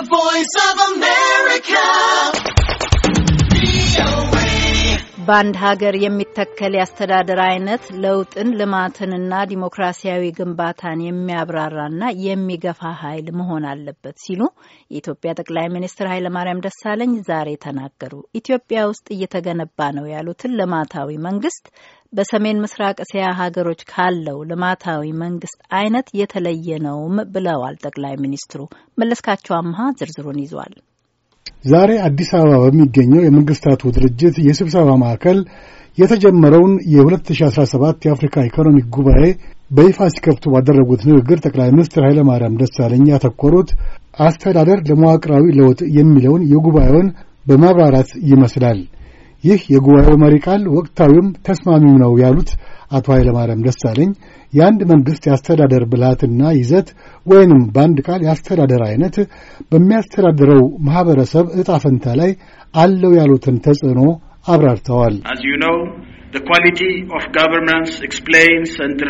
The Voice of a man. በአንድ ሀገር የሚተከል የአስተዳደር አይነት ለውጥን ልማትንና ዲሞክራሲያዊ ግንባታን የሚያብራራና የሚገፋ ኃይል መሆን አለበት ሲሉ የኢትዮጵያ ጠቅላይ ሚኒስትር ኃይለማርያም ደሳለኝ ዛሬ ተናገሩ። ኢትዮጵያ ውስጥ እየተገነባ ነው ያሉትን ልማታዊ መንግስት በሰሜን ምስራቅ እስያ ሀገሮች ካለው ልማታዊ መንግስት አይነት የተለየ ነውም ብለዋል ጠቅላይ ሚኒስትሩ። መለስካቸው አምሃ ዝርዝሩን ይዟል። ዛሬ አዲስ አበባ በሚገኘው የመንግስታቱ ድርጅት የስብሰባ ማዕከል የተጀመረውን የ2017 የአፍሪካ ኢኮኖሚክ ጉባኤ በይፋ ሲከፍቱ ባደረጉት ንግግር ጠቅላይ ሚኒስትር ኃይለማርያም ደሳለኝ ያተኮሩት አስተዳደር ለመዋቅራዊ ለውጥ የሚለውን የጉባኤውን በማብራራት ይመስላል። ይህ የጉባኤው መሪ ቃል ወቅታዊም ተስማሚም ነው ያሉት አቶ ኃይለማርያም ደሳለኝ የአንድ መንግሥት የአስተዳደር ብልሃትና ይዘት ወይንም በአንድ ቃል የአስተዳደር አይነት በሚያስተዳድረው ማኅበረሰብ ዕጣ ፈንታ ላይ አለው ያሉትን ተጽዕኖ አብራርተዋል። ኳሊቲ ኦፍ ጋቨርናንስ ኤክስፕሌይንስ ኤንድ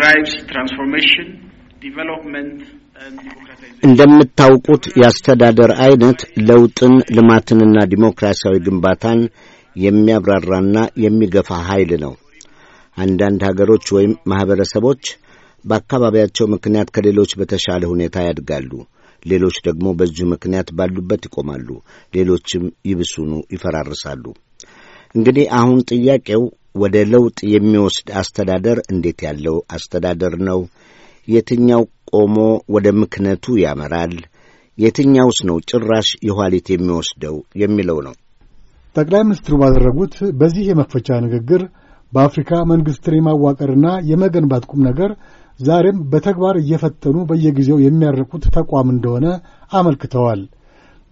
እንደምታውቁት የአስተዳደር አይነት ለውጥን፣ ልማትንና ዲሞክራሲያዊ ግንባታን የሚያብራራና የሚገፋ ኃይል ነው። አንዳንድ ሀገሮች ወይም ማኅበረሰቦች በአካባቢያቸው ምክንያት ከሌሎች በተሻለ ሁኔታ ያድጋሉ። ሌሎች ደግሞ በዚሁ ምክንያት ባሉበት ይቆማሉ። ሌሎችም ይብሱኑ ይፈራርሳሉ። እንግዲህ አሁን ጥያቄው ወደ ለውጥ የሚወስድ አስተዳደር እንዴት ያለው አስተዳደር ነው? የትኛው ቆሞ ወደ ምክነቱ ያመራል? የትኛውስ ነው ጭራሽ የኋሊት የሚወስደው የሚለው ነው። ጠቅላይ ሚኒስትሩ ባደረጉት በዚህ የመክፈቻ ንግግር በአፍሪካ መንግሥትን የማዋቀርና የመገንባት ቁም ነገር ዛሬም በተግባር እየፈተኑ በየጊዜው የሚያረቁት ተቋም እንደሆነ አመልክተዋል።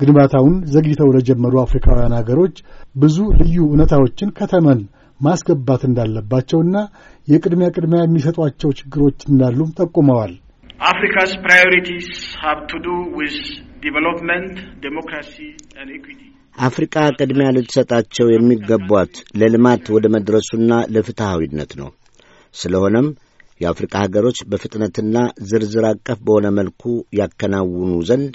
ግንባታውን ዘግይተው ለጀመሩ አፍሪካውያን አገሮች ብዙ ልዩ እውነታዎችን ከተመን ማስገባት እንዳለባቸውና የቅድሚያ ቅድሚያ የሚሰጧቸው ችግሮች እንዳሉም ጠቁመዋል። Africa's priorities have to አፍሪቃ ቅድሚያ ልትሰጣቸው የሚገቧት ለልማት ወደ መድረሱና ለፍትሐዊነት ነው። ስለሆነም የአፍሪቃ ሀገሮች በፍጥነትና ዝርዝር አቀፍ በሆነ መልኩ ያከናውኑ ዘንድ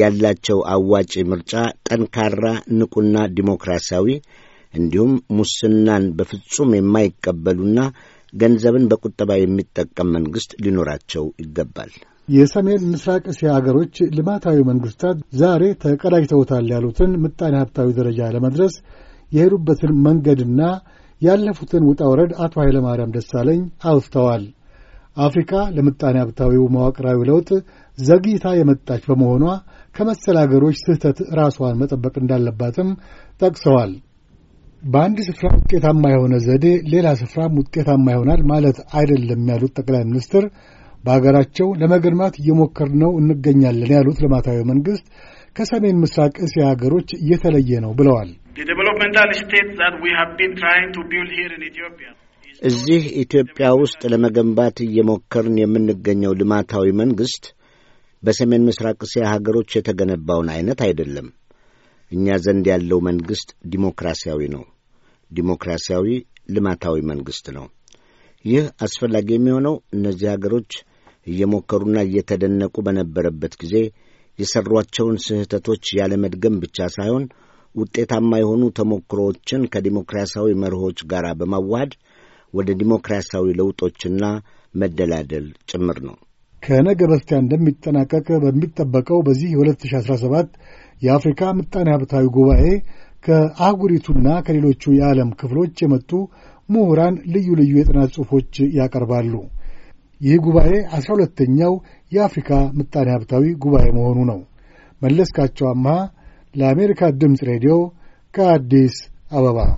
ያላቸው አዋጪ ምርጫ ጠንካራ፣ ንቁና ዲሞክራሲያዊ እንዲሁም ሙስናን በፍጹም የማይቀበሉና ገንዘብን በቁጠባ የሚጠቀም መንግሥት ሊኖራቸው ይገባል። የሰሜን ምስራቅ እስያ ሀገሮች ልማታዊ መንግስታት ዛሬ ተቀዳጅተውታል ያሉትን ምጣኔ ሀብታዊ ደረጃ ለመድረስ የሄዱበትን መንገድና ያለፉትን ውጣ ውረድ አቶ ኃይለማርያም ደሳለኝ አውስተዋል። አፍሪካ ለምጣኔ ሀብታዊው መዋቅራዊ ለውጥ ዘግይታ የመጣች በመሆኗ ከመሰል አገሮች ስህተት ራሷን መጠበቅ እንዳለባትም ጠቅሰዋል። በአንድ ስፍራ ውጤታማ የሆነ ዘዴ ሌላ ስፍራም ውጤታማ ይሆናል ማለት አይደለም ያሉት ጠቅላይ ሚኒስትር በሀገራቸው ለመገንባት እየሞከርነው እንገኛለን ያሉት ልማታዊ መንግስት ከሰሜን ምስራቅ እስያ ሀገሮች እየተለየ ነው ብለዋል። እዚህ ኢትዮጵያ ውስጥ ለመገንባት እየሞከርን የምንገኘው ልማታዊ መንግሥት በሰሜን ምስራቅ እስያ ሀገሮች የተገነባውን አይነት አይደለም። እኛ ዘንድ ያለው መንግሥት ዲሞክራሲያዊ ነው። ዲሞክራሲያዊ ልማታዊ መንግሥት ነው። ይህ አስፈላጊ የሚሆነው እነዚህ አገሮች እየሞከሩና እየተደነቁ በነበረበት ጊዜ የሠሯቸውን ስህተቶች ያለመድገም ብቻ ሳይሆን ውጤታማ የሆኑ ተሞክሮዎችን ከዲሞክራሲያዊ መርሆች ጋር በማዋሃድ ወደ ዲሞክራሲያዊ ለውጦችና መደላደል ጭምር ነው። ከነገ በስቲያ እንደሚጠናቀቅ በሚጠበቀው በዚህ የ2017 የአፍሪካ ምጣኔ ሀብታዊ ጉባኤ ከአህጉሪቱና ከሌሎቹ የዓለም ክፍሎች የመጡ ምሁራን ልዩ ልዩ የጥናት ጽሑፎች ያቀርባሉ። ይህ ጉባኤ አስራ ሁለተኛው የአፍሪካ ምጣኔ ሀብታዊ ጉባኤ መሆኑ ነው። መለስካቸው አምሃ ለአሜሪካ ድምፅ ሬዲዮ ከአዲስ አበባ